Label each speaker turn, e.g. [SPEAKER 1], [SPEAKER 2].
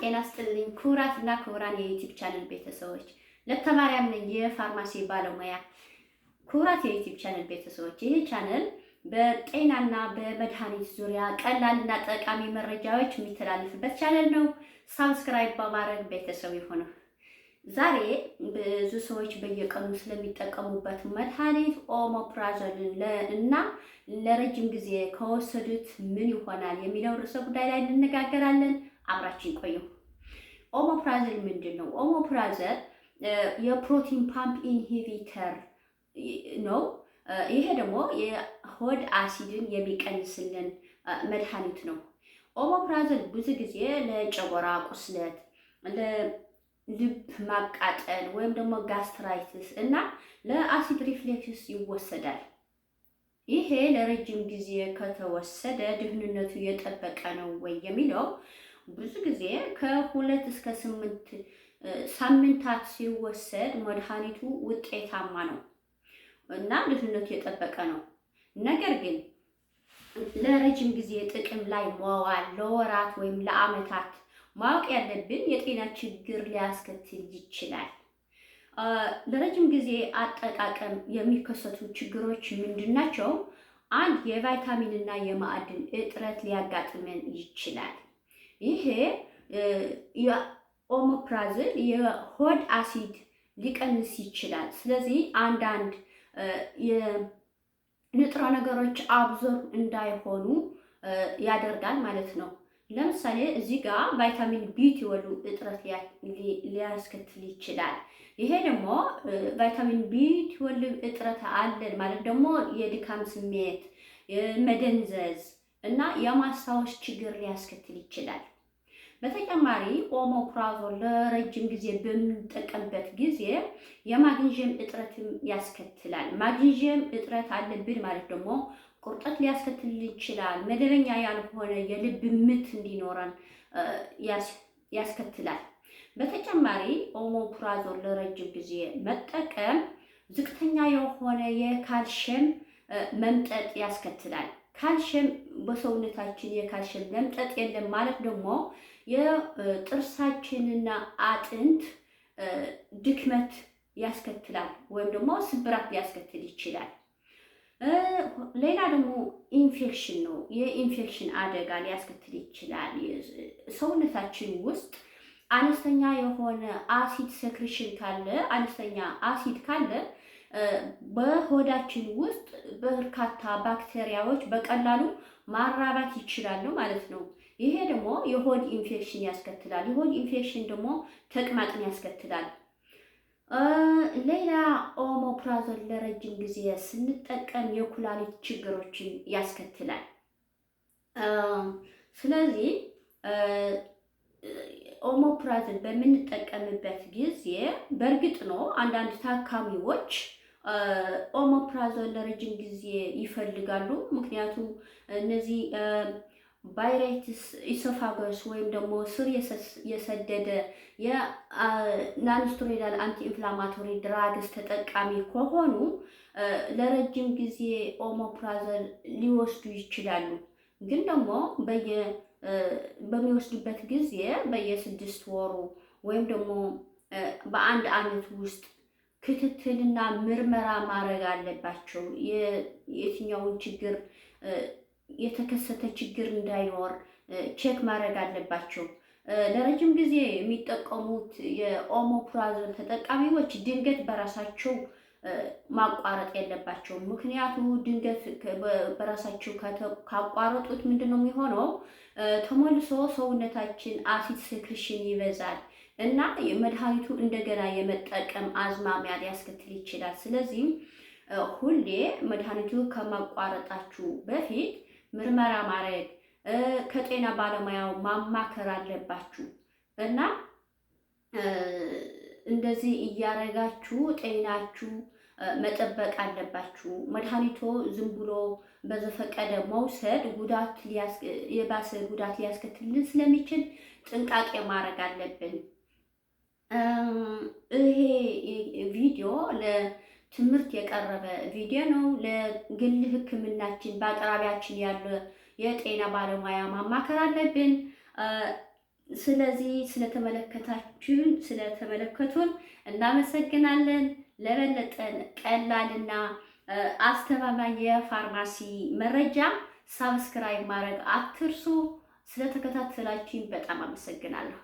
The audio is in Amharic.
[SPEAKER 1] ጤና ስጥልኝ ክቡራትና ክቡራን የዩቲዩብ ቻነል ቤተሰቦች፣ ለተማሪያም ነኝ የፋርማሲ ባለሙያ። ክቡራት የዩቲዩብ ቻነል ቤተሰቦች፣ ይህ ቻነል በጤናና በመድኃኒት ዙሪያ ቀላልና ጠቃሚ መረጃዎች የሚተላለፍበት ቻነል ነው። ሳብስክራይብ በማድረግ ቤተሰብ ይሁኑ። ዛሬ ብዙ ሰዎች በየቀኑ ስለሚጠቀሙበት መድኃኒት ኦሜፕራዞልን እና ለረጅም ጊዜ ከወሰዱት ምን ይሆናል የሚለው ርዕሰ ጉዳይ ላይ እንነጋገራለን። አብራችን ቆዩ። ኦሞፕራዘል ምንድን ነው? ኦሞፕራዘል የፕሮቲን ፓምፕ ኢንሂቢተር ነው። ይሄ ደግሞ የሆድ አሲድን የሚቀንስልን መድኃኒት ነው። ኦሞፕራዘል ብዙ ጊዜ ለጨጎራ ቁስለት፣ ለልብ ማቃጠል ወይም ደግሞ ጋስትራይትስ እና ለአሲድ ሪፍሌክስ ይወሰዳል። ይሄ ለረጅም ጊዜ ከተወሰደ ድህንነቱ የጠበቀ ነው ወይ የሚለው ብዙ ጊዜ ከሁለት እስከ ስምንት ሳምንታት ሲወሰድ መድኃኒቱ ውጤታማ ነው እና ልዩነቱ የጠበቀ ነው። ነገር ግን ለረጅም ጊዜ ጥቅም ላይ መዋል ለወራት ወይም ለአመታት ማወቅ ያለብን የጤና ችግር ሊያስከትል ይችላል። ለረጅም ጊዜ አጠቃቀም የሚከሰቱ ችግሮች ምንድን ናቸው? አንድ የቫይታሚን እና የማዕድን እጥረት ሊያጋጥመን ይችላል። ይሄ የኦሞፕራዝል የሆድ አሲድ ሊቀንስ ይችላል። ስለዚህ አንዳንድ ንጥረ ነገሮች አብዞር እንዳይሆኑ ያደርጋል ማለት ነው። ለምሳሌ እዚህ ጋር ቫይታሚን ቢ ትወሉ እጥረት ሊያስከትል ይችላል። ይሄ ደግሞ ቫይታሚን ቢ ትወሉ እጥረት አለን ማለት ደግሞ የድካም ስሜት፣ መደንዘዝ እና የማስታወስ ችግር ሊያስከትል ይችላል። በተጨማሪ ኦሜፕራዞል ለረጅም ጊዜ በምንጠቀምበት ጊዜ የማግኒዥየም እጥረትም ያስከትላል። ማግኒዥየም እጥረት አለብን ማለት ደግሞ ቁርጠት ሊያስከትል ይችላል። መደበኛ ያልሆነ የልብ ምት እንዲኖረን ያስከትላል። በተጨማሪ ኦሜፕራዞል ለረጅም ጊዜ መጠቀም ዝቅተኛ የሆነ የካልሽየም መምጠጥ ያስከትላል። ካልሽየም በሰውነታችን የካልሽየም ለምጠጥ የለም ማለት ደግሞ የጥርሳችንና አጥንት ድክመት ያስከትላል ወይም ደግሞ ስብራት ሊያስከትል ይችላል። ሌላ ደግሞ ኢንፌክሽን ነው። የኢንፌክሽን አደጋ ሊያስከትል ይችላል። ሰውነታችን ውስጥ አነስተኛ የሆነ አሲድ ሰክሪሽን ካለ አነስተኛ አሲድ ካለ በሆዳችን ውስጥ በርካታ ባክቴሪያዎች በቀላሉ ማራባት ይችላሉ ማለት ነው። ይሄ ደግሞ የሆድ ኢንፌክሽን ያስከትላል። የሆድ ኢንፌክሽን ደግሞ ተቅማጥን ያስከትላል። ሌላ ኦሞፕራዞል ለረጅም ጊዜ ስንጠቀም የኩላሊት ችግሮችን ያስከትላል። ስለዚህ ኦሞፕራዞል በምንጠቀምበት ጊዜ በእርግጥ ነው አንዳንድ ታካሚዎች ኦሞፕራዞን ለረጅም ጊዜ ይፈልጋሉ። ምክንያቱም እነዚህ ባይሬትስ ኢሶፋገስ ወይም ደግሞ ስር የሰደደ የናንስቴሮይዳል አንቲ ኢንፍላማቶሪ ድራግስ ተጠቃሚ ከሆኑ ለረጅም ጊዜ ኦሞፕራዞል ሊወስዱ ይችላሉ። ግን ደግሞ በሚወስዱበት ጊዜ በየስድስት ወሩ ወይም ደግሞ በአንድ አመት ውስጥ ክትትልና ምርመራ ማድረግ አለባቸው። የትኛውን ችግር የተከሰተ ችግር እንዳይኖር ቼክ ማድረግ አለባቸው። ለረጅም ጊዜ የሚጠቀሙት የኦሞፕራዞል ተጠቃሚዎች ድንገት በራሳቸው ማቋረጥ የለባቸውም። ምክንያቱም ድንገት በራሳቸው ካቋረጡት ምንድን ነው የሚሆነው? ተመልሶ ሰውነታችን አሲድ ሴክሬሽን ይበዛል። እና መድኃኒቱ እንደገና የመጠቀም አዝማሚያ ሊያስከትል ይችላል። ስለዚህ ሁሌ መድኃኒቱ ከማቋረጣችሁ በፊት ምርመራ ማድረግ ከጤና ባለሙያው ማማከር አለባችሁ እና እንደዚህ እያረጋችሁ ጤናችሁ መጠበቅ አለባችሁ። መድኃኒቶ ዝም ብሎ በዘፈቀደ መውሰድ ጉዳት የባሰ ጉዳት ሊያስከትልን ስለሚችል ጥንቃቄ ማድረግ አለብን። ይሄ ቪዲዮ ለትምህርት የቀረበ ቪዲዮ ነው። ለግል ሕክምናችን በአቅራቢያችን ያለ የጤና ባለሙያ ማማከር አለብን። ስለዚህ ስለተመለከታችሁን ስለተመለከቱን እናመሰግናለን። ለበለጠን ቀላልና አስተማማኝ የፋርማሲ መረጃ ሳብስክራይብ ማድረግ አትርሱ። ስለተከታተላችሁን በጣም አመሰግናለሁ።